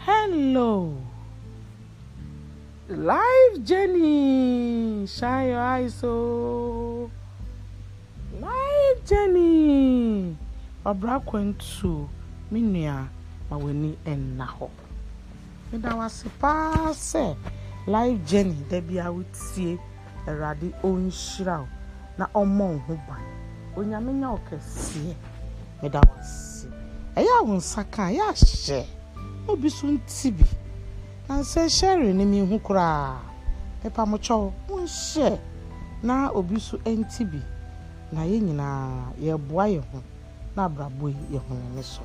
Hello. Life journey. Shine your eyes, oh. Life journey. Ọbra kwentu minua nua ma w'ani nna hɔ. Meda wase paa sɛ life journey da bi tie wotie Awurade na ɔmmɔ wo ban. onyame nya wo kɛseɛ meda wo ase ɛyɛ a wo ɛyɛ ahyɛ na obi so nti bi nansa hyɛre ne mehu koraa mepamokyɛw wonhyɛ na obi so nti bi na yɛn nyinaa yɛboa yɛn ho na abrabɔ yi yɛ honene so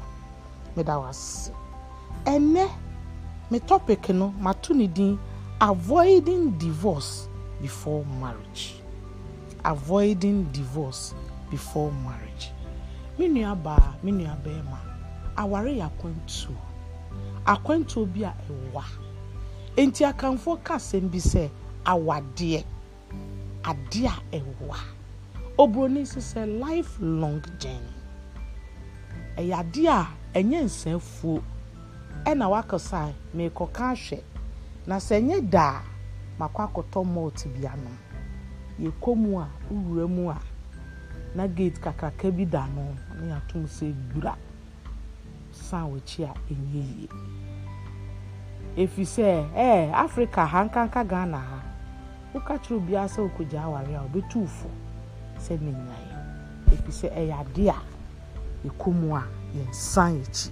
meda wo ase ɛnɛ me topic no mato ne din avoiding divorce before marriage avoiding divorce before marriage me nua baa me nua bɛrima aware yɛ akwantuo akwantuo bi a ɛwa nti akanfoɔ ka asɛm bi sɛ awadeɛ adeɛ a ɛwa oburoni sisɛ life long journey ɛyɛ adeɛ a ɛnyɛ nsɛnfuo ɛna wakɔsa meekɔka ahwɛ na sɛ nye daa makɔ akɔtɔ malt bi ano yɛkɔ mu a wowura mu a na gate kakraka bi da no na yɛato mu sɛ gura san wɔkyi a ɛnyɛ yie ɛfiri sɛ ɛɛ africa ha nkanka ghana ha woka kyerɛ obiara sɛ wokɔgya aware a wobɛtu fo sɛ ne nyaeɛ ɛfiri sɛ ɛyɛ a ɛkɔ a yɛnsan akyi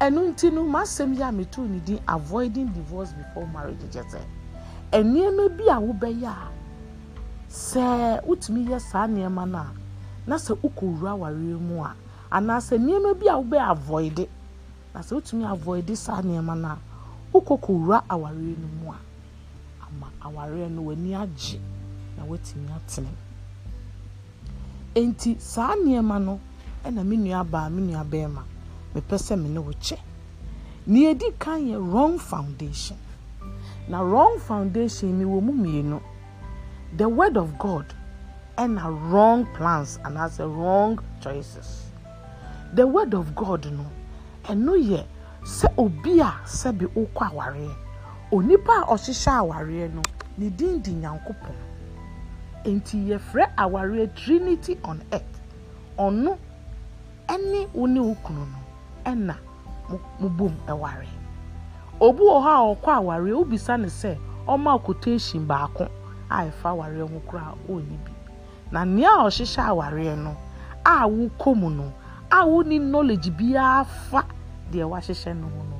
ɛno nti no masɛm yi a metoo ne din avoiding divorce before marriage gyɛ sɛ ɛnneɛma bi a wobɛyɛ a sɛ wotumi yɛ saa nneɛma no a na sɛ wokɔwura awareɛ mu a anaasɛ nneɛma bi a wobɛ avoide na sɛ wotumi avoide saa nneɛma no a wokɔkɔwura awareɛ no mu a ama awareɛ no w'ani agye na woatumi atene enti saa nneɛma no ɛna me nua baa me nua bɛrima mepɛ sɛ me ne wo kyɛ nea ɛdi kan yɛ wrong foundation na wrong foundation mi wɔ mu mmienu the word of God and ɛna wrong plans and has the wrong choices the word of God no ɛno yɛ sɛ obi a sɛbi okɔ awareɛ onipa osisha ɔhyehyɛ no ne din di nyankopɔn nti yɛfrɛ awareɛ trinity on earth ɔno eni wo ne wo kunu no ɛna mo bom ɛware obi wɔ hɔ a ɔkɔ awareɛ obisa ne sɛ àìfa awareɛ ho koraa ɔnni bi na nea a ɔhyehyɛ awareɛ no a wokɔ mu no a wonni knowledge biara fa deɛ wahyehyɛ no ho no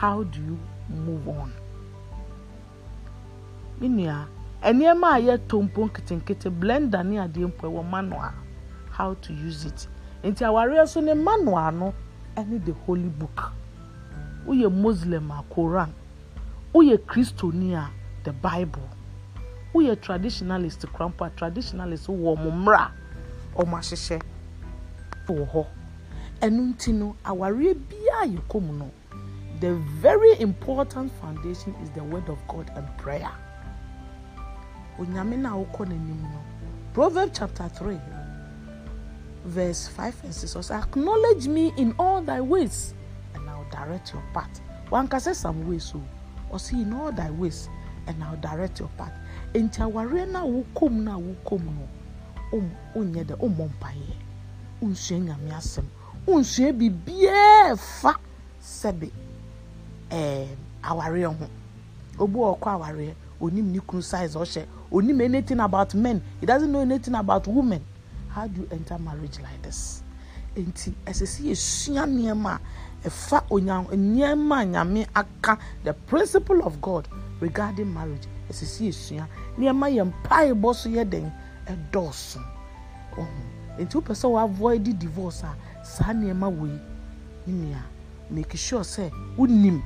how do you move on me nua nneɛma a yɛtɔ mpo nketenkete blenda ne adeɛ mpo ɛwɔ manual how to use it nti awareɛ so ne manual no ɛne the holy book woyɛ muslim a koran woyɛ kristoni a the bible. woyɛ traditionalist korampo a traditionalist wɔ ɔmo mmra ɔmo ahyehyɛ wɔ hɔ ɛno nti no awareɛ biara yɛ kɔ mu no the very important foundation is the word of god and prayer onyame na wokɔ n'anim no proverb chapter three verse five and six says acknowledge me in all thy ways and i will direct your path wankasa some ways o ɔsi in all thy ways and i will direct your path nti awareɛ no a wokɔm um, no a wokɔm no wonyɛ dɛ wommɔ mpaeɛ wonsua nyame asɛm wonsua biribiaa fa sɛbe ɛɛ awareɛ ho obi wɔ kɔ awareɛ onim ne kunu size ɔhyɛ onim anything about men he doesn't know anything about women how do you enter marriage like this nti ɛsɛ sɛ yɛsua nneɛma a ɛfa nneɛma a nyame aka the principle of god regarding marriage ɛsisi esua nneɛma yɛ mpaebɔ so yɛ den ɛdɔɔso ɔho nti wopɛ sɛ di divorce a saa nneɛma wɔ yi nnua make sure sɛ wonim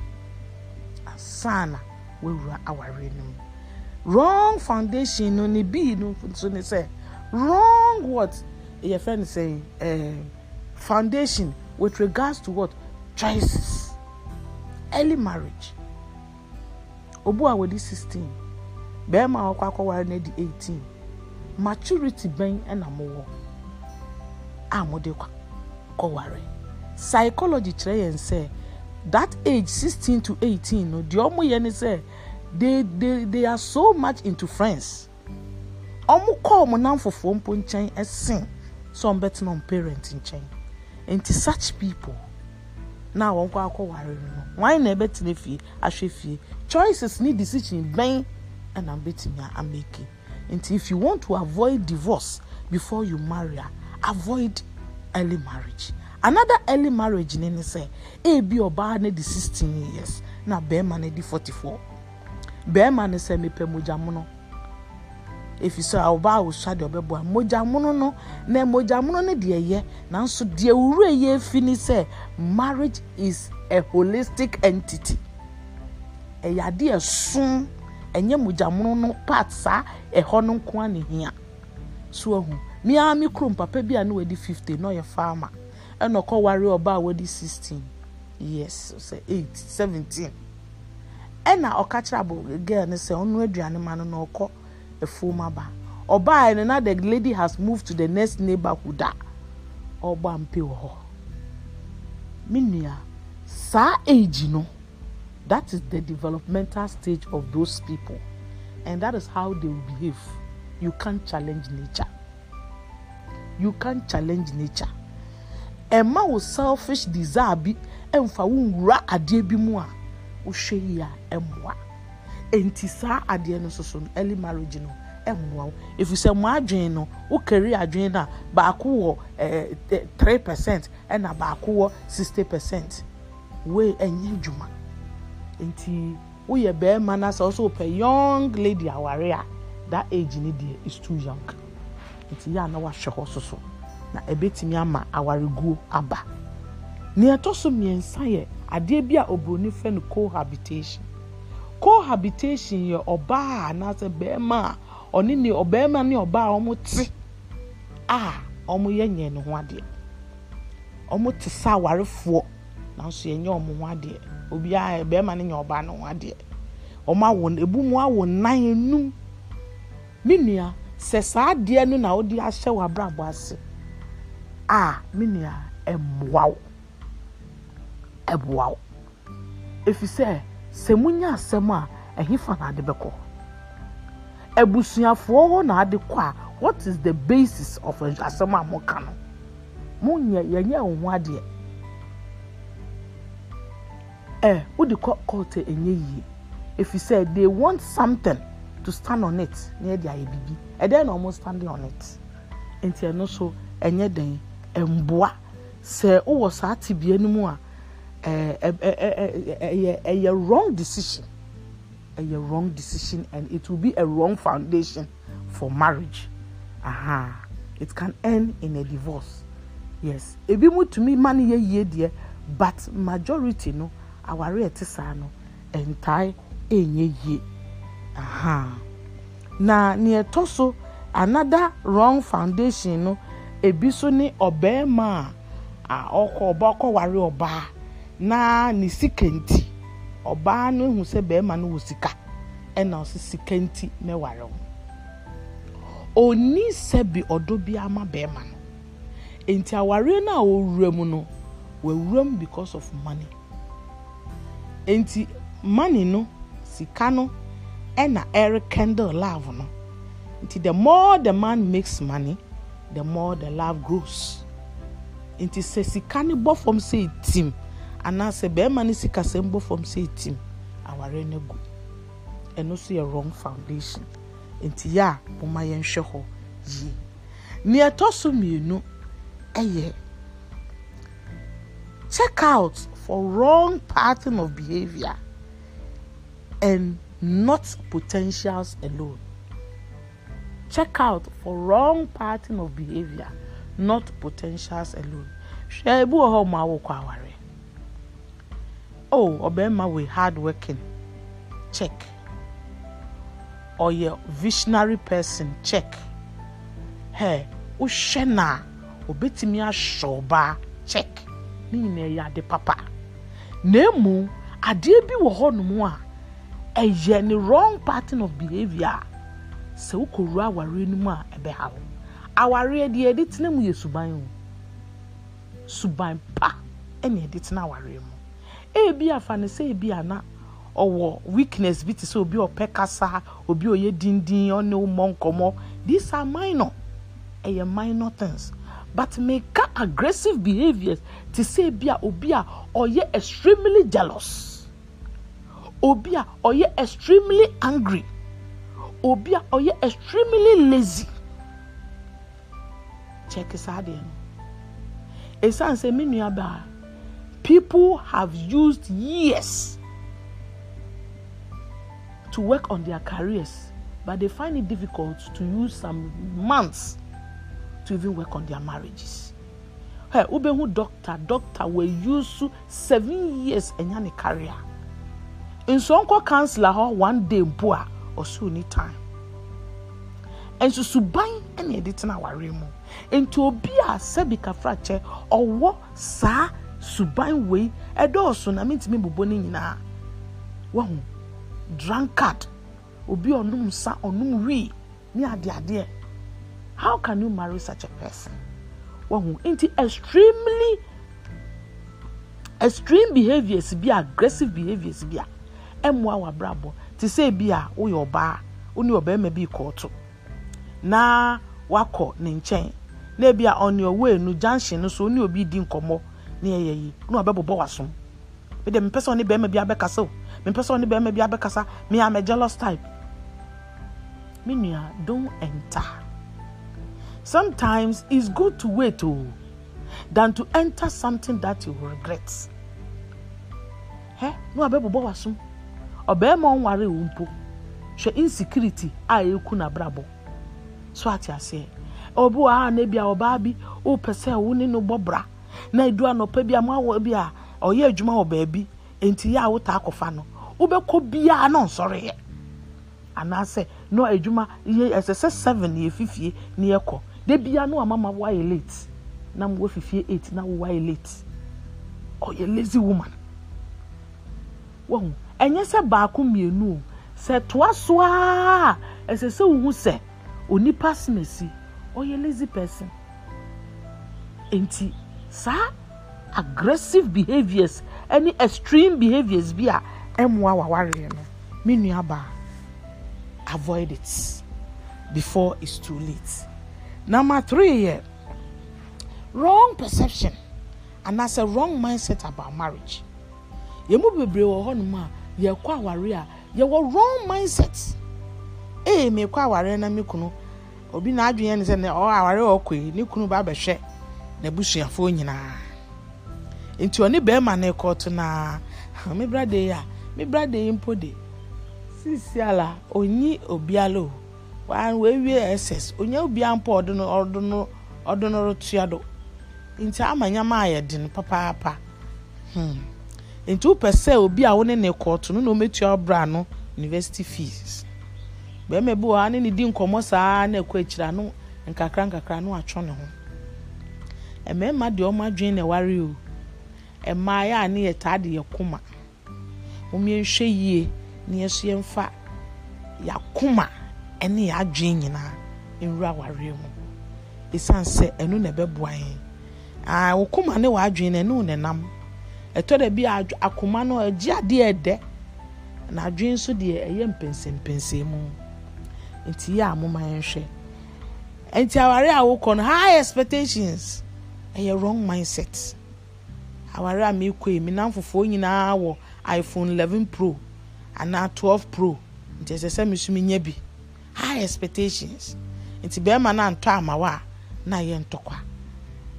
asana wawura awareɛ no mu wrong foundation no ne bii no nso ne sɛ wrong what yɛfrɛ no sɛ eh, foundation with regards to what choices early marriage obu a wɔde sixteen bɛrima a ɔkɔ akɔware no adi 18 maturity bɛn ɛna mowɔ a mode kɔware psychology kyerɛ yɛn sɛ that age 16 to 18 no deɛ ɔmo yɛ ne sɛ they they they are so much into friends ɔmo kɔ ɔmo nan fofoɔ mpo nkyɛn ɛsen sɛ ɔmo bɛtena ɔmo parent nkyɛn nti such people na wɔn kɔ akɔware no wɔn na ɛbɛtena fie ahwɛ fie choices ne decision bɛn ɛna mbɛtumi ameke nti if you want to avoid divorce before you marry avoid early marriage another early marriage ne ne sɛ ebi ɔbaa ne di sixteen years na bɛrima ne di forty four bɛrima ne sɛ mepɛ mogyamono efisɛ ɔbaa awosua deɛ ɔbɛboa mogyamono no na mogyamono ne deɛ yɛ nanso deɛ owurɛ yɛ efi ne sɛ marriage is a holistic entity ɛyɛ adeɛ sun. ɛnyɛ mogyamono e no part saa ɛhɔ no nko e e ne hia so ahu mmeaa kurom papa bi a na wadi 50 na ɔyɛ ɛna ɔkɔ ware ɔba a wadi 16 yes sɛ 8 17 ɛna ɔka kyerɛ abo girl no sɛ ɔno aduane ma no na ɔkɔ afuom aba ɔbaa no na the lady has to the next neighborhood a mpe wɔ hɔ me nua saa age no That is the developmental stage of those people, and that is how they will behave. You can't challenge nature. You can't challenge nature. Emma was selfish desire be ɛmfa wo adeɛ bi mu a wohwɛ yi a ɛmmoa nti saa adeɛ no soso no early marriage no ɛmmoa wo efisɛ mo adwene no wo kari adwene no baako wɔ ɛɛ eh, eh, three percent ɛna baako wɔ sixty percent wei ɛnyɛ adwuma nti woyɛ bɛrima na sɛ ɔso pɛ young lady aware a that age ni deɛ is too young nti yɛ a na wahwɛ hɔ soso na ebetumi ama awareguo aba nea ɛtɔ so mmiɛnsa yɛ adeɛ bi a obroni fɛ no cohabitation cohabitation yɛ ɔbaa anaasɛ bɛrima a ɔne ne ɔbɛrima ne ɔbaa a wɔte a wɔyɛ nyɛ ne ho adeɛ wɔte sɛ awarefoɔ nanso yɛnyɛ wɔn ho adeɛ. obiara eh, barima no nyɛ ɔbaa no ho adeɛ wɔn awo ebu mu awo nan enum me nua sɛ saa adeɛ no na wɔde ahyɛ wɔ abrabɔ ase a me nua ɛboa wo ɛboa wo efisɛ sɛ mo nya asɛm a ɛhe fa na ade bɛkɔ ebusuafoɔ hɔ na ade kɔ a what is the basis of asɛm a mo ka no mo nyɛ yɛnyɛ wɔn adeɛ. Eh, who the court di kọ́ kọ́ọ̀tù ẹ̀yẹ If efi sẹ they want something to stand on it near their ayé and then almost standing on it nti ẹ̀no so ẹ̀nyẹ dẹ̀n ẹ̀mboa sẹ wọ́wọ́ saa tibia no mu a ẹ̀yẹ eh, eh, eh, ẹ̀yẹ wrong decision ẹ̀yẹ wrong decision and it will be a wrong foundation for marriage aha it can end in a divorce yes ebi mu tumi ma ne yɛ yie deɛ but majority no. aware a ɛte saa no ntae ɛnyɛ yie aha na nea ɛtɔ so another wrong foundation no ebi so ne ɔbɛrima a ɔkɔ ɔba ɔkɔware ɔbaa na ne sika nti ɔbaa no ehu sɛ bɛrima no wɔ sika ɛna ɔsi sika nti mɛware ho oni sɛbi bi ama bɛrima no nti aware no a ɔwura mu no wɔ wura mu because of money. nti money no sika no ɛna ɛrekindle love no nti the more the man makes money the more the love grows nti sɛ sika no bɔ fam sɛ etim anaasɛ bɛrima no sika sɛm bɔ fam sɛ etim aware no gu ɛno nso yɛ wrong foundation nti yɛ a moma yɛnhwɛ hɔ yie nea ɛtɔ so mmienu ɛyɛ check out for wrong pattern of behavior and not potentials alone. Check out for wrong pattern of behavior, not potentials alone. Hwɛ ebi wɔ hɔ ma awokɔ aware. Oh, ɔbɛrima we hard working. Check. Ɔyɛ visionary person. Check. Hɛ, wohwɛ na obetumi ahyɛ ɔbaa. Check. Ne nyinaa yɛ ade papa na emu adeɛ bi wɔ hɔnom a ɛyɛ ne wrong pattern of behaviour a sɛ wokɔwura awareɛ no mu a ɛbɛha wo awareɛ deɛ yɛde tena mu yɛ suban o suban pa ɛna yɛde tena awareɛ mu ebi afa ne sɛ ebi ana ɔwɔ weakness bi te sɛ obi ɔpɛ kasa obi ɔyɛ dindin ɔne wo mmɔ these are minor ɛyɛ minor things but meka aggressive behaviors to say, bi Obia, obi a extremely jealous Obia, a ɔyɛ extremely angry Obia, a ɔyɛ extremely lazy check saa deɛ no esan sɛ me nua baa people have used years to work on their careers but they find it difficult to use some months to even work on their marriages hey wobɛhu doctor doctor use seven years ɛnya ne career nso nkɔ councilor hɔ one day mpo a ɔso ni time subain ɛna yɛde tena awaare mu nti obi a sɛbi kafrakyɛ ɔwɔ saa suban wei ɛdɔɔso na mintimi bobɔ ne nyinaa wɔho drunkard obi onum sa onum we wii adi adi. how can you marry such a person wɔn nti extremely extreme behaviours bi aggressive behaviours bi a ɛmoa wɔ abrabɔ te sɛ bi a woyɛ ɔbaa wone ɔbarima bi kɔɔto na wakɔ ne nkyɛn na ebi a ɔne ɔwɔ enu junction no so one obi di nkɔmɔ ne yɛ yi na ɔbɛbobɔ wasom ɛdɛ mpɛ sɛ ɔne barima bi abɛkasa o mpɛ sɛ ɔne barima bi abɛkasa me am a jealous type me nua ah, don't enter. Sometimes it's good to wait oh, than to enter something that you regret. He, no abɛbobɔ w'asom ɔbɛrima ɔnware wo mpo hwɛ insecurity a ɛku n'abrabɔ so ate aseɛ ɔbi wɔ ha na a ɔbaa bi ɔpɛ sɛ wo ne no bɔ bra na edu anɔpa bi ama mo bi a ɔyɛ adwuma wɔ baabi nti yɛ a wota akɔfa no wobɛkɔ biara na ɔnsɔre yɛ anaasɛ na adwuma yɛ ɛsɛ sɛ seven yɛ fifie na yɛ kɔ da bia no ama ma wayɛ late na mowɔ fifie eight na why late ɔyɛ oh, lazy woman wɔn ɛnyɛ sɛ baako mmienu o sɛ toa so a ɛsɛ sɛ wohu sɛ onipa sinasi ɔyɛ lazy person nti saa aggressive behaviours ɛne extreme behaviours bi a ɛmoa wawareɛ no me nua baa avoid it before it's too late. Number three yɛ wrong perception anaasɛ wrong mindset about marriage. Yɛn mu bebree wɔ hɔnom a yɛkɔ aware a yɛwɔ wrong mindset. Ee mekɔ aware na me kunu obi na adwene ne sɛ na ɔwɔ aware a ɔkɔ yi ne kunu ba bɛhwɛ n'abusuafoɔ nyinaa. Nti ɔne bɛrima na ɛkɔ to naa me brada yi a me brada yi mpo de sisi ala onyi obiara o. wee wie ss onye obi mpa ọdụnụrụ tuado nti ama nyama ayɛ den papaapa hmm nti wopɛ sɛ obi a wone ne kɔɔto no na ometua ɔbra no university fees bɛrima bi wɔ ha ne ne di nkọmọ saa na ɛkɔ akyiri ano nkakra nkakra no atwɔ ne ho mmarima deɛ ɔmo adwene na ɛware o mmaayɛ a ne yɛ taa de yɛ kuma. wɔn yɛn hwɛ yie na yɛ so yɛn nfa yɛ akoma. ɛne yɛ adwene nyinaa nwura awareɛ mu esiane sɛ ɛno na ɛbɛboa yɛn aa okuma ne wadwene na ɛno na ɛnam ɛtɔ dɛ bi akoma no agye adeɛ ɛdɛ na adwene nso deɛ ɛyɛ mpɛnsɛmpɛnsɛn mu nti yɛ amoma yɛn hwɛ nti awareɛ a wokɔ no high expectations ɛyɛ wrong mindset awareɛ a meekɔ yi menam fofoɔ nyinaa wɔ iphone eleven pro ana twelve pro nti ɛsɛ sɛ mesumi nya bi high expectations nti bɛrima no antɔ amawa a na yɛ ntɔkwa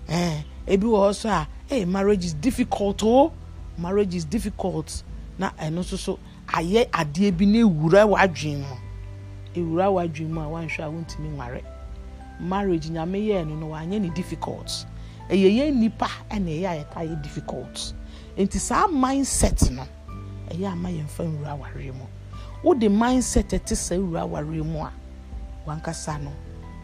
ɛn ebi wɔ hɔ so a hey marriage is difficult o marriage is difficult na ɛno nso so ayɛ adeɛ bi na ewura w'adwin mu ewura w'adwin mu a wanhwɛ a wontumi nware marriage nyame yɛɛ no no wanyɛ ne difficult ɛyɛ yɛn nipa ɛna ɛyɛ a yɛta yɛ difficult nti saa mindset no ɛyɛ ama yɛn fa nwura awareɛ mu wode mindset ɛte saa wura awareɛ mu a wankasa no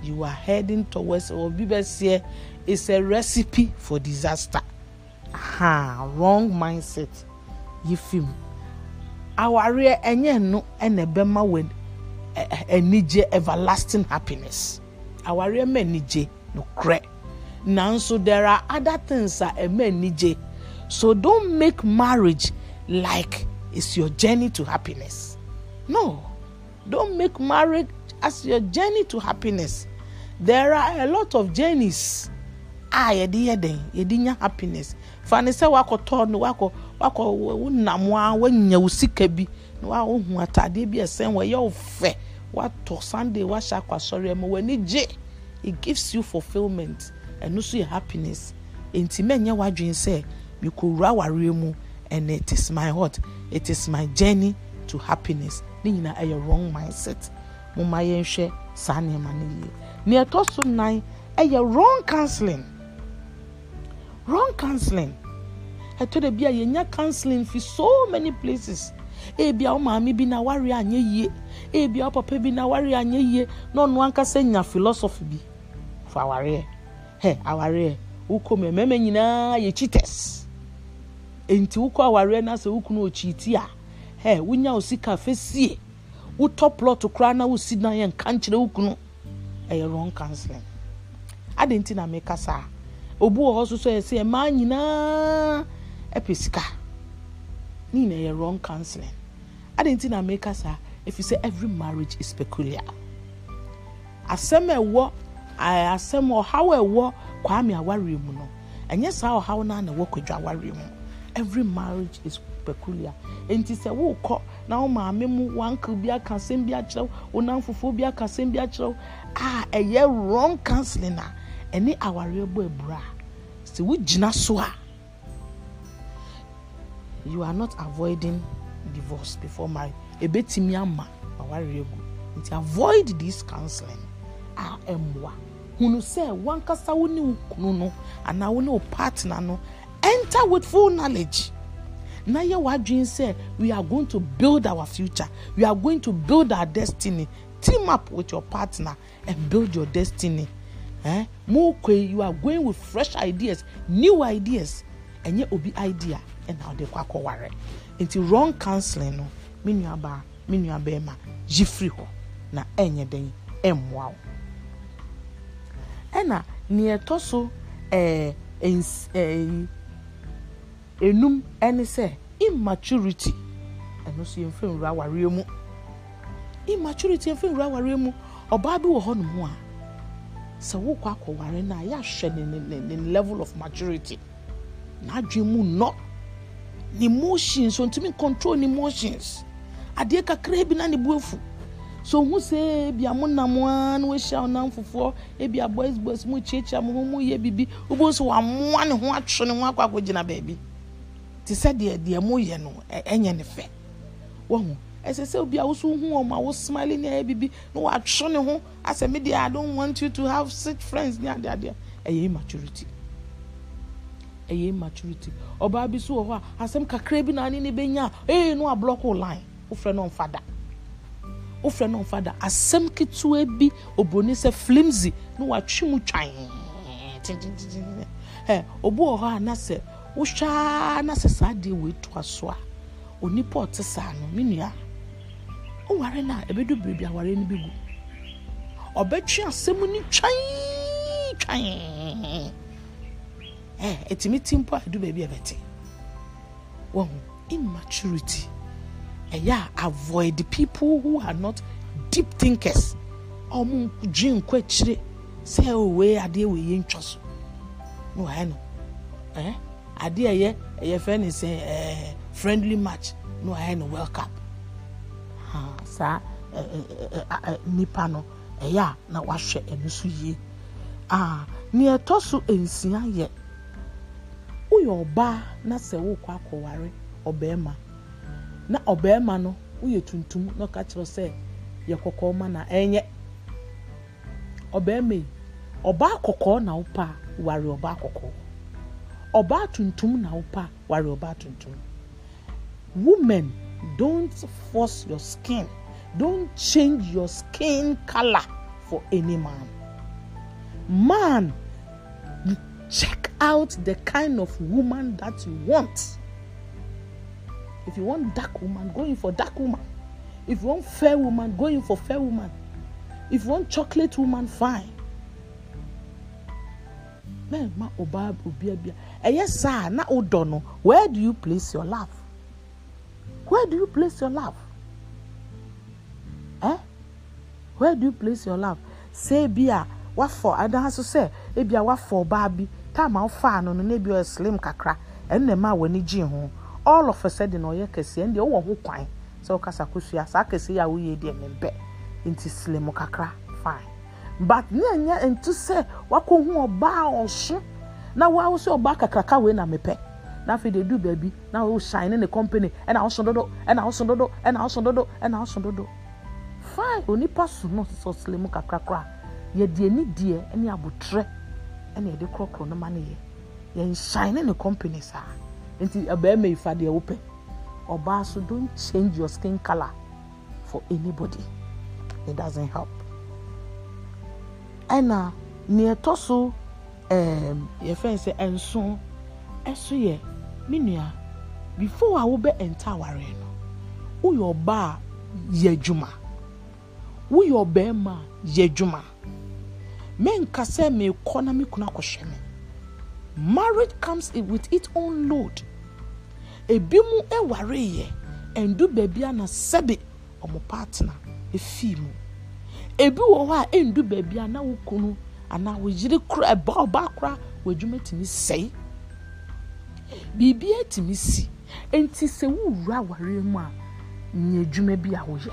you are heading towards obi bɛseɛ is a recipe for disaster Ha, wrong mindset yi fim awareɛ ɛnyɛ no ɛna ɛbɛma wɔ anigye e, e, everlasting happiness awareɛ ma anigye nokorɛ nanso there are other things a ɛma e, anigye so don't make marriage like it's your journey to happiness. No, don't make marriage as your journey to happiness. There are a lot of journeys a ah, yɛde yɛ dɛn yɛde nya happiness fa se wako wakɔtɔ wako wako wakɔ wonam a wanya wo bi na wahu ataadeɛ bi ɛsɛn wɔyɛ wo fɛ sunday wahyɛ akɔ asɔre ɛma w'ani gye it gives you fulfillment and also yɛ happiness nti mɛnyɛ w'adwene sɛ mekɔwura awareɛ and it is my heart it is my journey to happiness ne nyinaa ɛyɛ wrong mindset mo ma yɛnhwɛ saa nneɛma no yie nea ɛtɔ so nan ɛyɛ wrong counseling wrong counseling ɛtɔ dɛ bi a yɛnya counseling fi so many places ebi a wo maame bi na wari anyɛ yie ebi a wo papa bi na wari anyɛ yie na ɔno ankasa nya philosophy bi fo awareɛ hɛ awareɛ wokɔ mɛ nyinaa yɛ cheaters nti wokɔ awareɛ na sɛ wokunu okyiiti a. hɛ wonya wo sika afɛsie wotɔ plot koraa na wosi dan yɛ nka nkyerɛ wo kunu ɛyɛ wrong counseling ade nti na meka saa obi wɔ hɔ so so yɛsɛ mmaa nyinaa ɛpɛ sika ne nyina yɛ wrong counseling ade nti na meka saa ɛfiri sɛ every marriage is peculiar asɛm ɛwɔ eh, asɛm ɔhaw ɛwɔ kwame awareɛ mu no ɛnyɛ saa ɔhaw no na ɛwɔ kwadwa awareɛ mu every marriage is peculiar nti sɛ wokɔ na wo maame mu wankle bi aka asɛm bi akyerɛw wonam fufuo bi aka asɛm bi akyerɛw a ɛyɛ wrong counseling a ɛne awareɛ bɔ abura a sɛ wogyina so a you are not avoiding divorce before marriage ebetumi ama awareɛ gu nti avoid this counseling a ɛmmoa hunu sɛ wankasa wo ne wo kunu no anaa wo ne wo partner no enter with full knowledge na yɛ w'adwene sɛ we are going to build our future we are going to build our destiny team up with your partner and build your destiny eh mo kwe you are going with fresh ideas new ideas ɛnyɛ obi idea ɛna ɔde kɔ akɔware nti wrong counseling no me nua baa me nua bɛrima yi firi hɔ na ɛnyɛ den ɛmmoa wo ɛna nea ɛtɔ so ɛɛ ɛns ɛɛ. enum ɛne sɛ immaturity ɛno nso yɛn mfiri nwura awareɛ mu immaturity yɛn mfiri nwura awareɛ mu ɔbaa bi wɔ hɔnom a sɛ wokɔ akɔware no a yɛahwɛ ne ne ne ne level of maturity n'adwene mu nnɔ ne emotions ontumi control ne emotions adeɛ kakra bi na ne bu efu so ohun sɛ ebi amu nam a na wahyia ɔnam fufuo ebi aboys boys mu kyiakyia mu ho mu yɛ bibi obi nso wamoa ne ho atwe ne ho akɔ akɔgyina baabi. te sɛ deɛ deɛ mo yɛ no ɛnyɛ ne fɛ wɔn ɛsɛ sɛ obi a wosow hu wɔn a wosmile ne ayɛ bibi na watwe ne ho asɛ mi deɛ i don't want you to have sick friends ne adeɛ adeɛ ɛyɛ immaturity ɛyɛ immaturity ɔbaa bi so wɔ hɔ a asɛm kakra bi na ne ne nya ee no ablɔko line wofrɛ no nfa da wofrɛ no nfa asɛm ketewa bi obroni sɛ flimsy na watwe mu twan tentententen ɛ obi wɔ hɔ a na sɛ. wohwaa na sɛ saa adeɛ wɔatua so a onipa ɔte saa no me nua oware no a ɛbɛdu biribi aware no bi gu ɔbɛtwe asɛm no twan twan ɛtumi eh, ti mpo a ɛdu baabi a ɛbɛte wɔn immaturity ɛyɛ a avoid people who are not deep thinkers ɔmo dwi nkɔ akyire sɛ owee adeɛ wɔ yɛ ntwa so na wɔayɛ no ɛɛ. Eh? adeɛ ɛyɛ ɛyɛ fɛn ne sɛ ɛɛ friendly match na ɔyɛ no world cup saa ɛɛ nipa no ɛyɛ a na wahwɛ ɛno so yie a ɛtɔ so nsia yɛ woyɛ ɔbaa na sɛ wokɔ akɔware ɔbɛɛma na ɔbɛɛma no woyɛ tuntum na ɔka kyerɛ sɛ yɛ kɔkɔɔ ma na ɛnyɛ ɔbɛɛma yi ɔbaa kɔkɔɔ na wopa ware ɔbaa kɔkɔɔ ɔbaa tuntum na wopa ware ɔbaa tuntum women don't force your skin don't change your skin color for any man man check out the kind of woman that you want if you want dark woman go in for dark woman if you want fair woman go in for fair woman if you want chocolate woman fine ma bɛrima ɔbaa obia bia ɛyɛ saa na ɔdɔ no where do you place your love where do you place your love eh where do you place your love sɛ ebi a wafɔ adan so sɛ ebi a wafɔ ɔbaa bi taama ɔfaa no no na ebi ɔyɛ slim kakra ɛnna mmaa wɔn ani gye ho all of a sudden ɔyɛ kɛseɛ ọ ɔwɔ ho kwan sɛ ɔkasa kosua saa kɛseɛ yi a wɔyɛ deɛ ne bɛ nti slim kakra. but ne ɛnyɛ nti sɛ wakɔhu ɔbaa ɔso na wawo sɛ ɔbaa kakraka wei na mepɛ na afei de du baabi na wo shine ne ne company ɛna woso dodo ɛna woso dodo ɛna woso dodo ɛna woso dodo fine onipa so no sɛ ɔsele mu kakrakora yɛde ani deɛ ne abotrɛ ɛna yɛde korɔkorɔ no ma no yɛ yɛnhyine ne ne company saa nti abɛɛma ifa deɛ wopɛ ɔbaa so don't change your skin color for anybody it doesn't help ɛna nea ɛtɔ so ɛɛm yɛfɛn sɛ nson ɛso yɛ me nua before a wobɛ ɛnta awaare no woyɛ ɔbaa yɛ adwuma woyɛ ɔbɛɛma yɛ adwuma menka sɛ meekɔ na me kunu akɔhwɛ me marriage comes with its own load ebi mu ɛware yɛ ɛndu baabi a na sɛbi ɔmo partner efi mu. ebi wɔ hɔ a ɛndu baabi a na kunu anaa wo kura ɛba ɔba kura w'adwuma tumi sɛe biribi atumi si nti sɛ wowura mu a bi a woyɛ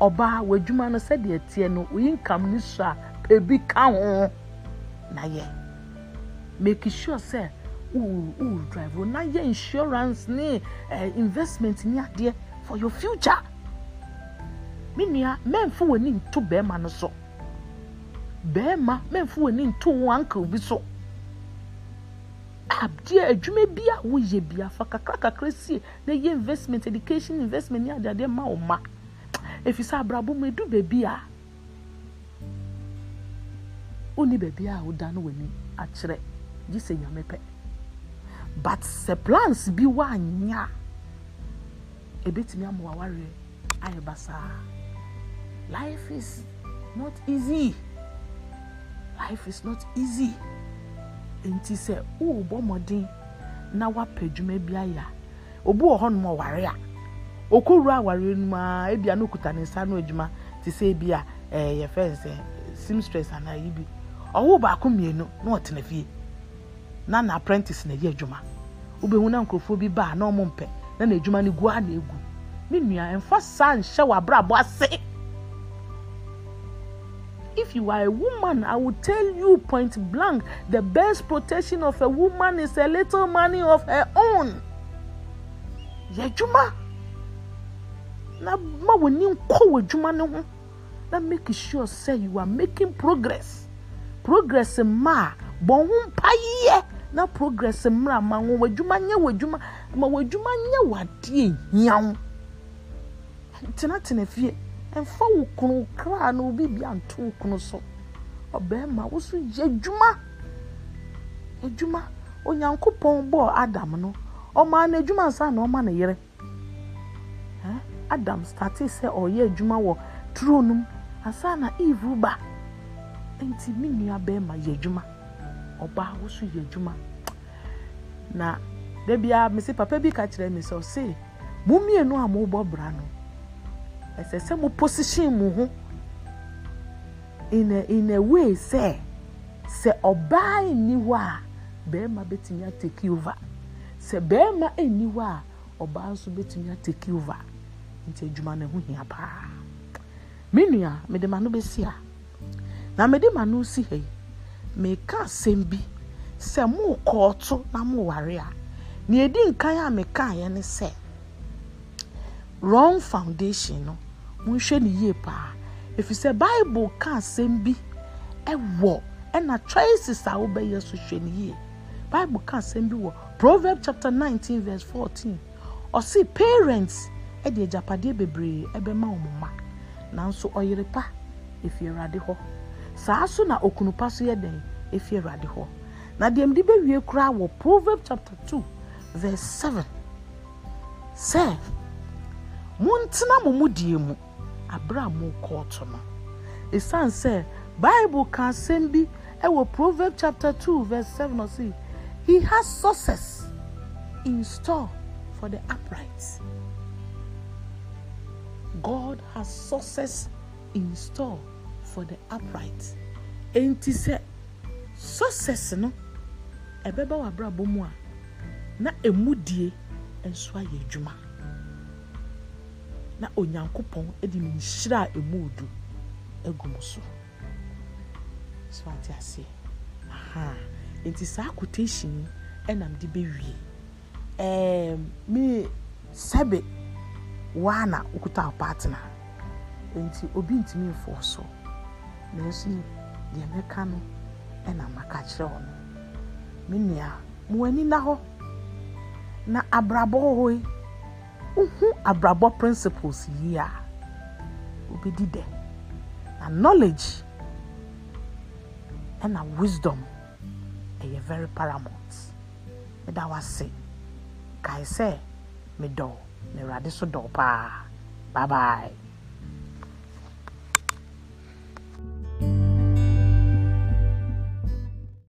ɔbaa w'adwuma no sɛdeɛ teɛ no oyi nkam ne so a ka ho na yɛ make sure sɛ drive na yɛ insurance ne eh, investment ne me nua mmɛmfo w'ani nto bɛrima no so bɛrima mmɛmfo w'ani nto wɔn ankle bi so adeɛ adwuma bi a woyɛ bi afa kakra kakra sie na yɛ investment education investment ne adeade ma wo ma ɛfiri sɛ abrabɔ mu edu baabi a wonni baabi a woda no w'ani akyerɛ gye sɛ nyame pɛ but sɛ plans bi wɔ anya ɛbɛtumi ama wawareɛ ayɛ basaa Life is not easy. Life is not easy. Nti sɛ wobɔ mmɔden na woapɛ dwuma bi ayɛ a obi wɔ hɔnom ɔware a okowura aware no a ebi a no ne nsa no te sɛ ebi a anaa yi bi ɔwɔ na a na na na adwuma no gu a na egu ne if you are a woman, I will tell you point blank the best protection of a woman is a little money of her own. Yejuma. Na ma ni woni nko wejuma ne ho. Na make sure say you are making progress. Progress ma bon ho paye na progress mra ma ho wejuma nye wejuma ma wejuma nye wadie hiawo. Tenatena fie. mfa wo kunu kra na obi bi anto wo kunu so ɔbɛrima woso yɛ adwuma adwuma onyankopɔn bɔɔ adam no ɔmaa no adwuma nsa na ɔma no yere adam starte sɛ ɔyɛ adwuma wɔ turo no mu ansa na eve ba nti ne nua bɛrima yɛ adwuma ɔbaa woso yɛ adwuma na da biara mesi papa bi ka kyerɛ me sɛ ɔse mo mmienu a mobɔ bra no ɛsɛ sɛ mo position mo ho in a in a way sɛ sɛ ɔbaa nni hɔ a barima betumi atake over sɛ barima nni e hɔ a ɔbaa nso betumi atake over nti adwuma no ho hia paa me nua mede ma no bɛsi a na mede ma no si ha yi meka asɛm bi sɛ mo kɔɔto na mo ware a nea ɛdi nkan a mekaeɛ ne sɛ wrong foundation no monhwɛ no yie paa ɛfiri sɛ bible ka asɛm bi ɛwɔ ɛna choices a wobɛyɛ so hwɛ no yie bible ka asɛm bi wɔ proverb chapter 19 verse 14 ɔse parents ɛde agyapadeɛ bebree ɛbɛma wɔn mma nanso ɔyere pa efi awurade hɔ saa so na okunu pa so yɛ dɛn efi awurade hɔ na deɛ mde bɛwie koraa wɔ proverb chapter 2 verse 7 sɛ montena mo mu die mu abere a morekɔɔto no ɛsiane sɛ bible ka asɛm bi ɛwɔ Proverbs chapter two verse 7 ɔse he has success in store for the upright god has success in store for the upright enti sɛ success no ɛbɛba wɔ abrabɔ mu a na ɛmu die nso ayɛ adwuma na onyankopɔn de ne nhyira a ɛmu odu agu mu so so ate aseɛ aha nti saa quotation yi ɛnam de bɛwie sɛbe waa na okuta apartner nti obi ntumi nfoɔ so nanso deɛ mɛka no na maka kyerɛ wɔn me nua mo ani na hɔ na abrabɔ hɔ yi. wohu abrabɔ principles yie a wobɛdi dɛ na knowledge ɛna wisdom ɛyɛ very paramount ɛda wase kae sɛ medɔ na awurade so dɔ paa bye bye